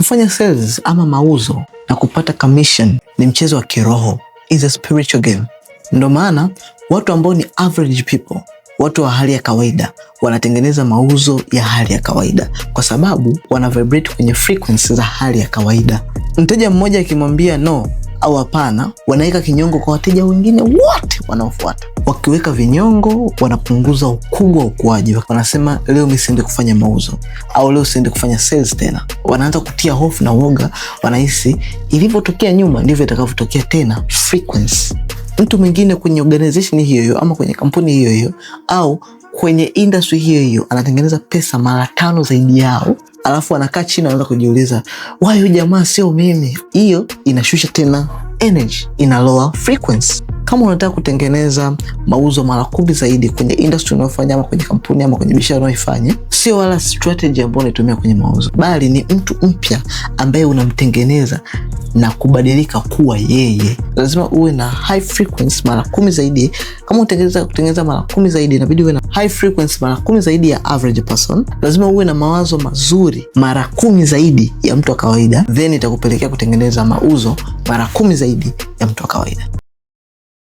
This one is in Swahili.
Kufanya sales ama mauzo na kupata commission ni mchezo wa kiroho, is a spiritual game. Ndo maana watu ambao ni average people, watu wa hali ya kawaida wanatengeneza mauzo ya hali ya kawaida, kwa sababu wana vibrate kwenye frequency za hali ya kawaida. Mteja mmoja akimwambia no au hapana, wanaweka kinyongo kwa wateja wengine wote wanaofuata wakiweka vinyongo wanapunguza ukubwa wa ukuaji. Wanasema leo mi siende kufanya mauzo au leo siende kufanya sales tena. Wanaanza kutia hofu na uoga wanahisi ilivyotokea nyuma ndivyo itakavyotokea tena frequency. Mtu mwingine kwenye organization hiyo hiyo ama kwenye kampuni hiyo hiyo au kwenye industry hiyo hiyo anatengeneza pesa mara tano zaidi yao, alafu anakaa chini, anaanza kujiuliza wayo jamaa sio mimi. Hiyo inashusha tena energy, ina lower frequency. Kama unataka kutengeneza mauzo mara kumi zaidi kwenye industry unayofanya ama kwenye kampuni ama kwenye biashara unayoifanya, sio wala strategy ambayo unaitumia kwenye mauzo, bali ni mtu mpya ambaye unamtengeneza na kubadilika kuwa yeye. Lazima uwe na high frequency mara kumi zaidi. Kama unatengeneza kutengeneza mara kumi zaidi, inabidi uwe na high frequency mara kumi zaidi ya average person. Lazima uwe na mawazo mazuri mara kumi zaidi ya mtu wa kawaida, then itakupelekea kutengeneza mauzo mara kumi zaidi ya mtu wa kawaida.